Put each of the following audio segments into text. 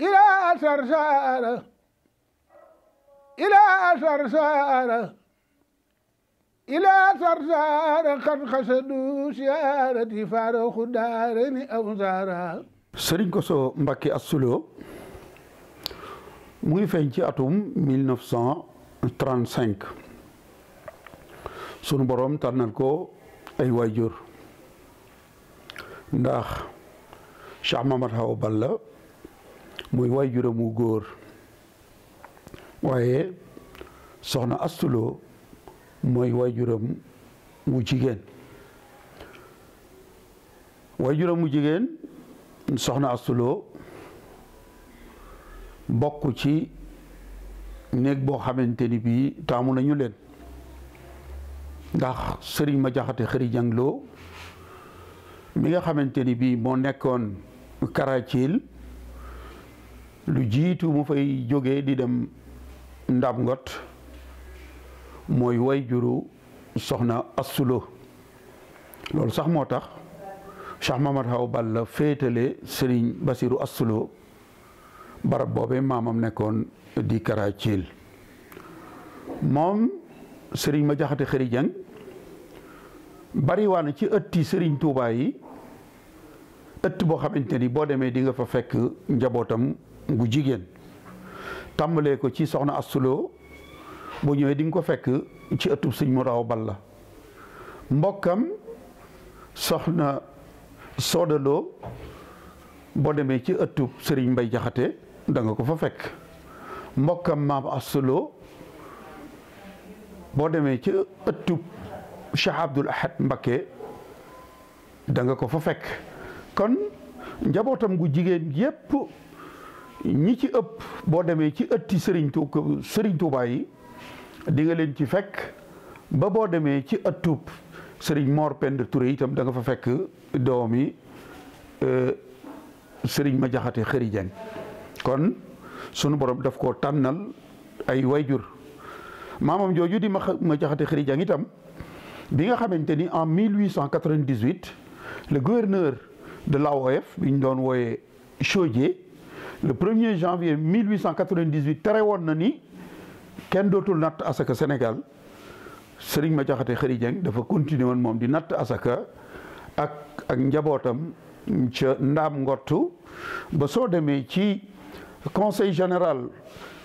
إلى سرسارة إلى سرسارة إلى سرسارة قد خسدوا سيارتي فارق دارني أو زارا Serigne Kosso Mbacké mu ngi feeñ ci atum 1935 sunu boroom tànnal ko ay waajur ndax Cheikh Mamad Hawa Balla muy way juramu góor waaye soxna astuloo mooy way juram wu jigéen way juram jigéen soxna astuloo bokk ci néeg boo xamante ni bii taamu nañu leen ndax sëriñ ma jaxate xëri jàngloo mi nga xamante ni bii moo nekkoon Karaciil lu jiitu mu fay jóge di dem ndam ngot mooy way juru soxna assulo loolu sax moo tax Cheikh Mamad Haw Balla féetale sëriñ Basiru assulo barab boobe maamam nekkoon di Karaacil moom sëriñ ma jaxate xëri jang bari waa na ci ëtti Serigne Touba yi ëtt boo xamante ni boo demee di nga fa fekk njabootam gu jigéen tàmbalee ko ci soxna astuloo boo ñëwee di ko fekk ci ëttub sëñ mu raw balla mbokkam soxna soodaloo boo demee ci ëttub sëriñ mbay jaxate danga ko fa fekk mbokkam maam astuloo boo demee ci ëttub Cheikh Abdul Ahad Mbakke da nga ko fa fekk kon njabootam gu jigéen yépp ñi ci ëpp boo demee ci ëtti Serigne Tou Serigne di nga leen ci fekk ba boo demee ci ëttub Serigne Mor Penda Touré itam da nga fa fekk doomi sëriñ ma jaxate xëri kon sunu borom daf koo tànnal ay wayjur maamam jooju di ma ma jaxate xëri itam bi nga xamante ni en 1898 le gouverneur de l'AOF bi ñu doon wooyee Chaudié le 1er janvier 1898 tere woon na ni kenn dootul natt asaka senegal Serigne ma Khary Dieng dafa continuer woon moom di natt asaka ak njabootam ca ndaam ngottu ba soo demee ci conseil général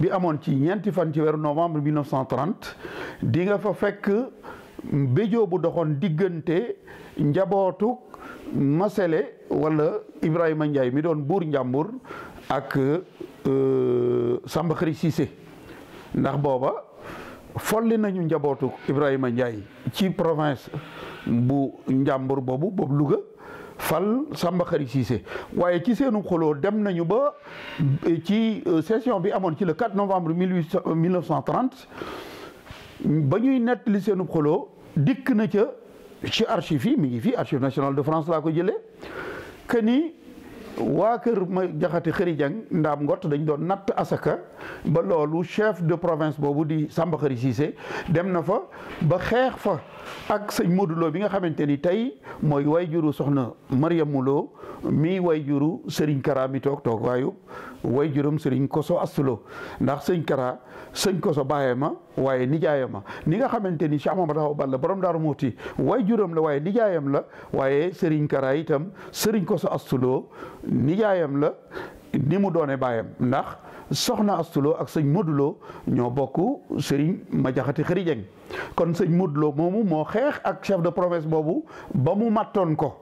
bi amoon ci ñeenti fan ci weeru novembre 1930 di nga fa fekk mbéjoo bu doxoon diggante njabootu Masele wala Ibrahima Ndiaye mi doon buur Njàmbur ak euh, Samba Xëri Cissé ndax booba folli nañu njabootu Ibrahima Ndiaye ci province bu Njàmbur boobu boobu Louga fal Samba Xëri Cissé waaye ci seenu xoloo dem nañu ba ci euh, session bi amoon ci le 4 novembre 1930 ba ñuy nettali seenu xoloo dikk na ca ci archives yi mi ngi fi archive nationale de France laa ko jëlee que waa kër ma jaxati xëri jang ndaam ngott dañu doon natt asaka ba loolu chef de province boobu di Samba Xëri Cissé dem na fa ba xeex fa ak sëñ Modou Lo bi nga xamante ni tey mooy way juru soxna Mariama Lo mii way juru Serigne Kara mi toog toog waayu way juram Serigne Koso Astulo ndax sëñ Kara sëñ Koso baaye ma waaye nijaayam ma ni nga xamante ni Cheikh Mamadou Awa Balla borom Daaru Muuti way juram la waaye nijaayam la waaye Serigne Kara itam Serigne Koso Astulo nijaayam la ni mu doone baayam ndax soxna astuloo ak sëñ moduloo ñoo bokk sëriñ ma jaxati xërijeng kon sëñ moduloo moomu moo xeex ak chef de province boobu ba mu mattoon ko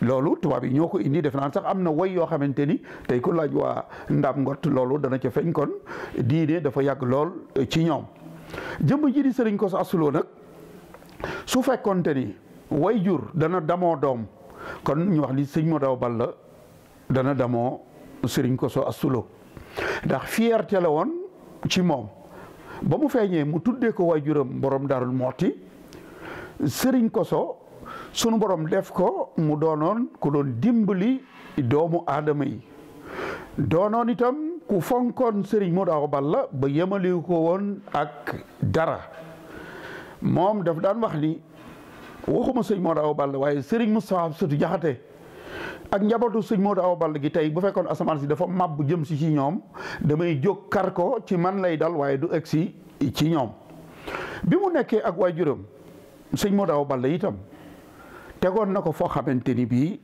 loolu tubaab yi ñoo ko indi def naan sax am na woy yoo xamante ni tey ku laaj waa ndaam ngott loolu dana ca feeñ kon diine dafa yàgg lool ci ñoom jëmm ji di sëriñ ko Astou Lo nag su fekkonte ni way jur dana damoo doom kon ñu wax li sëñ Modaw Balla dana damoo sëriñ ko Astou Lo ndax fierté la woon ci moom ba mu feeñee mu tuddee ko waajuram borom darul mooti sëriñ koso sunu borom def ko mu doonoon ku doon dimbali doomu aadama yi doonoon itam ku fonkoon sëriñ Modou Awa Balla ba yemaliwu ko woon ak dara moom daf daan wax ni waxuma sëriñ Modou Awa Balla waaye sëriñ mu Moustapha Absatou Jaxate ak njabootu sëñ Modou Awa Balla gi tey bu fekkoon asamaan si dafa màbb jëm si ci ñoom damay jóg kar ko ci man lay dal waaye du egg si ci ñoom bi mu nekkee ak juróom sëñ Modou Awa Balla itam tegoon na ko foo xamante ni bii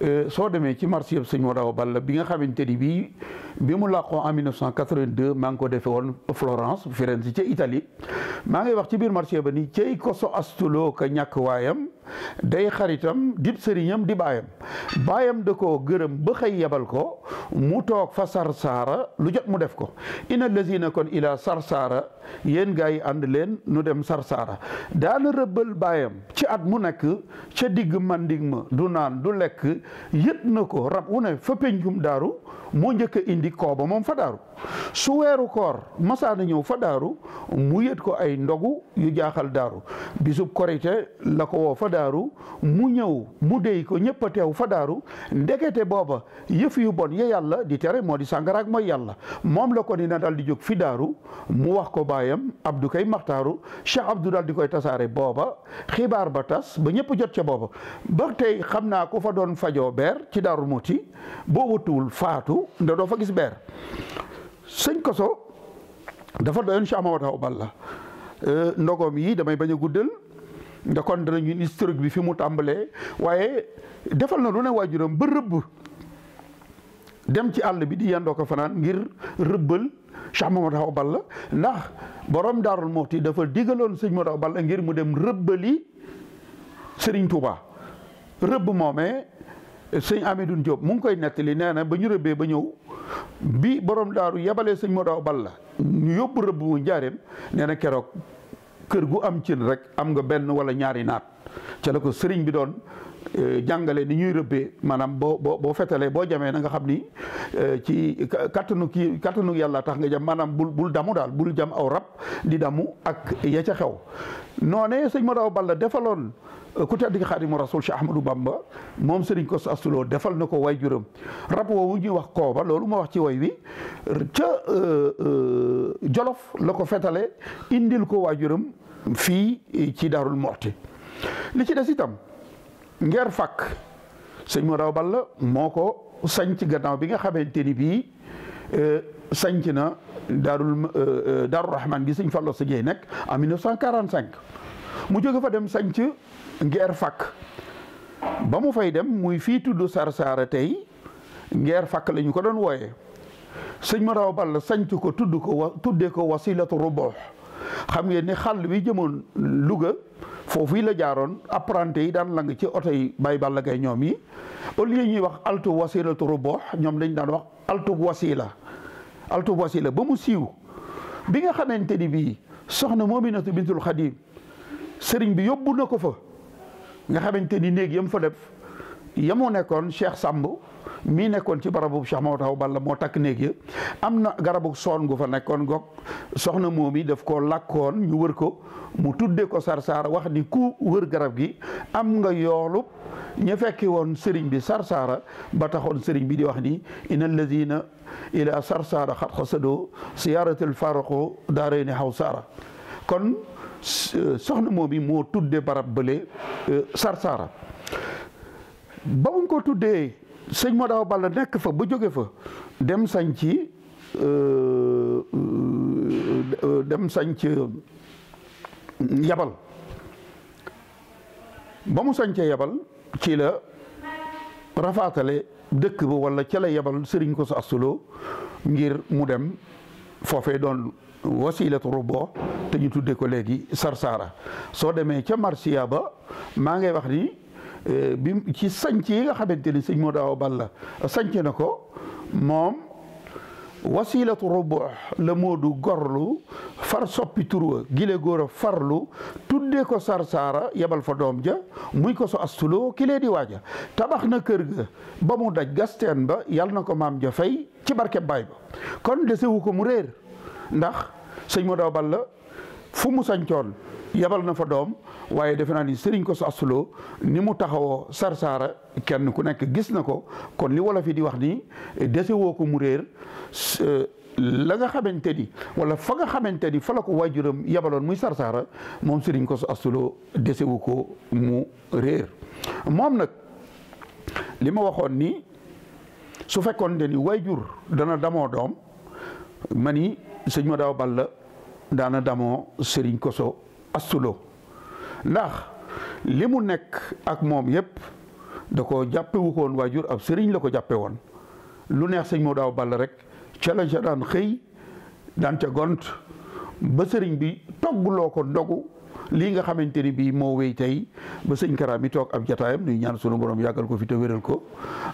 euh, soo demee ci marché yëpp sëñ Modou Awa Balla bi nga xamante ni bii bi mu làqoo en 1982 maa ngi ko defee woon Florence Firenze ci itali maa ngi wax ci biir marché ba ni cey ko so astuloo ko ñàkk waayam day xaritam dib sëriñam di baayam baayam da ko gërëm ba xëy yebal ko mu toog fa sarsaara lu jot mu def ko ina lazina kon ila sarsaara yéen gaa yi ànd leen nu dem sarsaara daana rëbbal baayam ci at mu nekk ca digg manding ma du naan du lekk yët na ko rab wu ne fa pencum daaru moo njëkk a indi kooba moom fa daaru su weeru koor masaana ñëw fa daaru mu yët ko ay ndogu yu jaaxal daaru bisub korite la ko woo fa daaru mu ñëw mu déy ko ñëpp a teew fa daaru ndekete booba yëf yu bon ya yàlla di tere moo di sàngaraak mooy yàlla moom la ko ni na daal di jóg fi daaru mu wax ko baayam Abdou kay maxtaaru Cheikh Abdou daal di koy tasaare booba xibaar ba tas ba ñëpp jot ca booba ba tey xam naa ko fa doon fajoo beer ci daarul muti boo wutuwul faatu nda doo fa gis beer sëñ koso dafa doyoon Cheikh Mamadou Awa Balla euh, ndogoom yi damay bañ a guddal de kon danañu historique bi fi mu tàmbalee waaye defal na lu ne waajuram ba rëbb dem ci àll bi di yendoo ko fanaan ngir rëbbal Cheikh Mamadou Awa Balla ndax borom Daarul Muxti dafa digaloon sëñ Mamadou Awa Balla ngir mu dem rëbbali Serigne Touba rëbb moomee sëñ Amidou Diop mu ngi koy nettali nee na ba ñu rëbbee ba ñëw bi borom daaru yebalee sëñ Mamadou Awa Balla ñu yóbbu rëbb mu njaareem nee na keroog kër gu am cin rek am nga benn wala ñaari naat ca la ko sëriñ bi doon eh, jàngale ni ñuy rëbbee maanaam boo boo boo fetalee boo jamee na nga xam ni eh, ci kattanu kii kattanu yàlla tax nga jam maanaam bul bul damu daal bul jam aw rab di damu ak ya ca xew noonee sëñ Madaw Balla defaloon eh, ku tedd ki xaadimu rasul Cheikh Ahmadou Bamba moom sëriñ ko astuloo defal na ko way juróom rab woowu ñuy wax kooba loolu ma wax ci way wi ca Jolof la ko fetale indil ko waajuram fii ci Daarul Muxti li ci des itam ngeer fàkk sëñ Modaw Balla moo ko sanc gannaaw bi nga xamante ni bii euh, sanc na daarul euh, euh, daarul rahman gi sëñ Fallu sa jeey nekk en 1945 mu jóge fa dem sañc ngeer fàkk ba mu fay dem muy fii tudd Sarsara tey ngeer fàkk la ko doon wooyee sëñ ma Modaw Balla sanc ko tudd ko wa tuddee ko wasilatu ruboox xam ngeen ni xàll bi jëmoon Louga foofu yi la jaaroon apprenti yi daan lang ci oto yi Baye Balla Gaye ñoom yi au ñuy wax altu wasilatu rubox ñoom lañ daan wax altu wasila altu ba mu siiw bi nga xamante ni bii soxna Moominatu bintul Xadim sëriñ bi yóbbu na ko fa nga xamante ni néeg yam fa def yamu nekkoon Cheikh Samb mii nekkoon ci barabu Cheikh Maodo Awa Balla moo takk néeg ya am na garabu soon gu fa nekkoon goog soxna moom yi def koo lakkoon ñu wër ko mu tuddee ko sarsaara wax ni ku wër garab gi am nga yoolu ñu fekki woon sëriñ bi sarsaara ba taxoon sëriñ bi di wax ni in alladina ila sarsaara xat xasado siyaaratul faraqo daarayni xaw saara kon soxna moom yi moo tuddee barab bële euh, sarsara ba mu ko tuddee sëñ Modou Awa Balla nekk fa ba jóge fa dem sañ ci euh, euh, dem sañ yabal ba mu sañcee yabal ci la rafaatale dëkk ba wala ca la yabal sëriñ ko sa asuloo ngir mu dem foofee doon wasilatu rubo te ñu tuddee ko léegi sarsaara soo demee ca marsiya ba maa ngay wax ni Euh, bi ci sanc yi nga xamante ni sëñ Modou bal la sanc na ko moom wasilatu rubu la moodu gorlu far soppi turwa gile góor a farlu tuddee ko sarsaara yebal fa doom ja muy ko so astuloo ki lee di waaja tabax na kër ga ba mu daj gasteen ba yal na ko maam ja fay ci barke baay ba kon desewu ko mu réer ndax sëñ Modou Awa Balla fu mu sancoon yabal na fa doom waaye defe naa ni sëriñ ko Astou Lo ni mu taxawoo Sarsara kenn ku nekk gis na ko kon li wolof yi di wax ni desewoo ko mu réer euh, la nga xamante ni wala fa nga xamante ni fa la ko waajuram yabaloon muy sarsaara moom sëriñ ko Astou Lo desewu ko mu réer moom nag li ma waxoon ni su fekkoon te ni waajur dana damoo doom ma ni sëñ ma daaw bal la daana damoo ko Kosso astulo ndax li mu nekk ak moom yëpp da ko jàppewu ko woon waajur ab sëriñ la ko jàppe woon lu neex sëñ moo daaw ball rek ca lañ daan xëy daan ca gont ba sëriñ bi toggloo ko ndogu lii nga xamante ni bii moo wéy tey ba sëñ karaam mi toog ab jataayam nuy ñaan sunu borom yàggal ko fi te wéral ko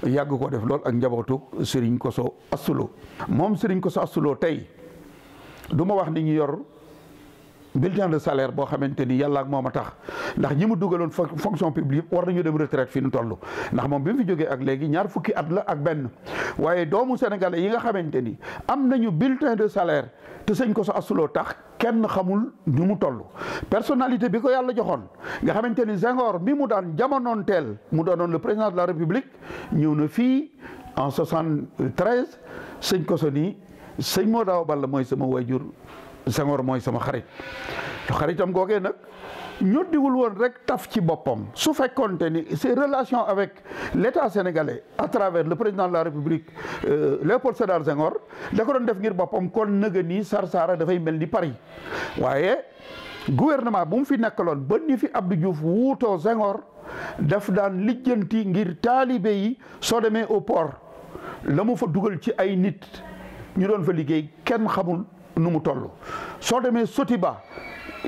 yàgg ko def lool ak njabootu sëriñ ko soo assuloo moom sëriñ ko Astou Lo tey du ma wax ni ñu yor bulletin de salaire boo xamante ni yàlla ak moom a tax ndax ñi mu dugaloon fonction publique war nañu dem retraite fi nu toll ndax moom bi mu fi jógee ak léegi ñaar fukki at la ak benn waaye doomu sénégalais yi nga xamante ni am nañu bulletin de salaire te sëñ ko sa asuloo tax kenn xamul ñu mu toll personnalité bi ko yàlla joxoon nga xamante ni Senghor mi mu daan jamonoon teel mu doonoon le président de la république ñëw na fii en 73 sëñ ko nii sëñ moo daaw balla mooy sama wayjur Senghor mooy sama xarit xaritam googee nag ñoddiwul woon rek taf ci boppam su fekkoonte ni ses relations avec l'état sénégalais à travers le président de la république euh, Léopold Sédar Senghor da def ngir boppam kon nëga nii Sarsara dafay mel ni Paris waaye gouvernement bu mu fi nekkaloon ba ni fi Abdou Diouf wuutoo Senghor daf daan lijjanti ngir taalibe yi soo demee au port la mu fa dugal ci ay nit ñu doon fa liggéey kenn xamul nu mu toll soo demee soti ba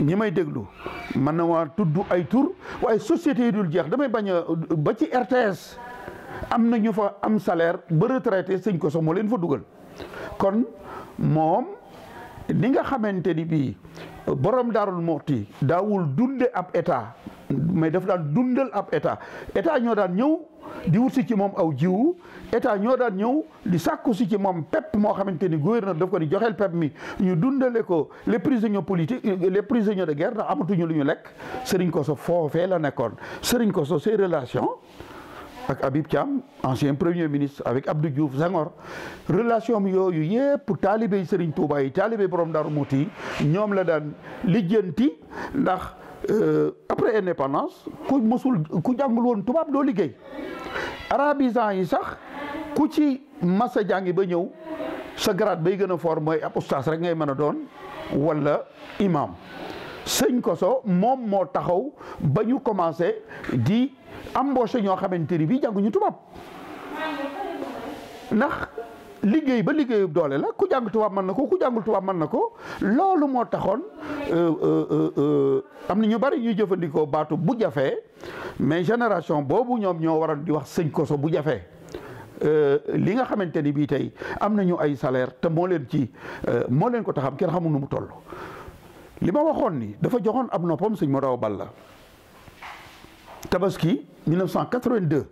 ñi may déglu man na waa tudd ay tur waaye société yi dul jeex damay bañ ba ci RTS am na ñu fa am salaire ba retraité sëñ ko sax moo leen fa dugal kon moom ni nga xamante ni bii borom daarul moxti daawul dunde ab état mais daf daan dundal ab état état ñoo daan ñëw di wut si ci moom aw jiwu état ñoo daan ñëw di sàkku si ci moom PEP moo xamante ni na daf ko ni joxeel PEP mi ñu dundale ko les prisonniers politiques les prisonniers de guerre ndax amatuñu lu ñu lekk Serigne Kosso foofee la nekkoon Serigne Kosso ses relations ak Habib Thiam ancien premier ministre avec Abdou Diouf Senghor relation yooyu yëpp taalibe Serigne Touba yi taalibe borom Darou Mouti ñoom la daan lijjanti ndax. Euh, après indépendance ku mësul ku jàngul woon tubaab doo liggéey arabisant yi sax ku ci massa jàngi ba ñëw sa grade bay gën a foor mooy ab ustaas rek ngay mën a doon wala imam sëñ so moom moo taxaw ba ñu commencé di embauché ñoo xamante ni bii jànguñu tubaab ndax liggéey ba liggéeyub doole la ku jàng tubaab mën na ko ku jàngul mën na ko loolu moo taxoon euh, euh, euh, am na ñu bari ñuy jëfandikoo baatu bu jafee mais génération boobu ñoom ñoo waral di wax sëñ koso bu jafee li nga xamante ni bii tey am nañu ay salaire te moo leen ci moo leen ko taxam kenn xamul nu mu toll li ma waxoon ni dafa joxoon ab noppam sëñ Modaw Balla tabaski 1982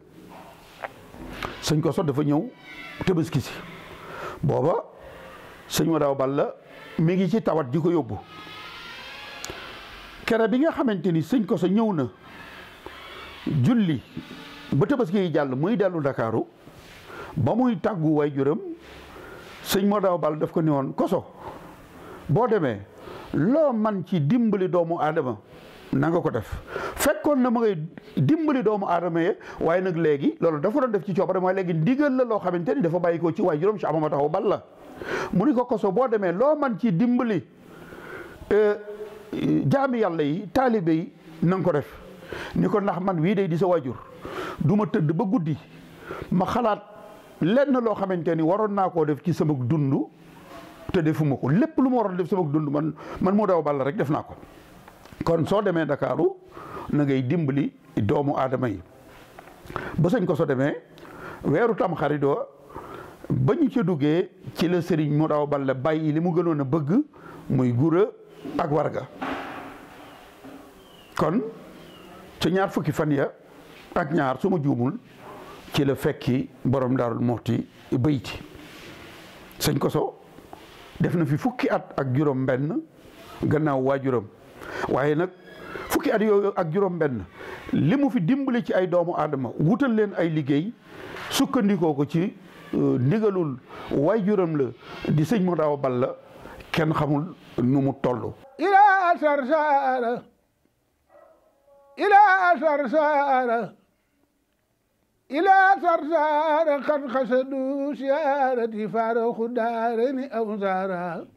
sëñ koso dafa ñëw tabaski si booba sëñ ma bal la mi ngi ci tawat ji ko yóbbu kere bi nga xamante ni sëñ Koso ñëw na julli ba tabaski yi jàll muy dellu ndakaaru ba muy tàggu waay juram sëñ ma daaw Balla daf ko ni woon Koso boo demee loo man ci dimbali doomu aadama nanga ko def fekkoon na ma ngay dimbali doomu aadama ye waaye nag léegi loolu dafa doon def ci coobare mooy léegi ndigal la loo xamante ni dafa bàyyi ko ci waay juróom si amama taxaw bal la mu ni ko koso boo demee loo man ci dimbali euh, jaami yàlla yi taalibe na nga ko def ni ko ndax man wii day di sa waajur du ma tëdd ba guddi ma xalaat lenn loo xamante ni waroon naa koo def ci sama dund te defuma ko lépp lu ma waroon def sama dund man man mu daw ball rek def naa ko kon soo demee Ndakaaru na ngay dimbali doomu aadama yi ba sëñ koso demee weeru tam xaridoo ba ñu ca duggee ci la sëriñ mu daw balla bàyyi li mu gënoon a bëgg muy gura ak warga kon ca ñaar fukki fan ya ak ñaar su ma juumul ci la fekki borom daarul moxti bayti sëñ koso def na fi fukki at ak juróom benn gannaaw waajuram waaye nag fukki at yooyu ak juróom-benn li mu fi dimbali ci ay doomu aadama wutal leen ay liggéey sukkandikoo ko ci euh, ndigalul way juróom la di sëñ mu daaw bal la kenn xamul nu mu toll. ilaa sarsara ilaa sarsara ilaa sarsara kan xasadu siyaarati faaraxu daareni aw saara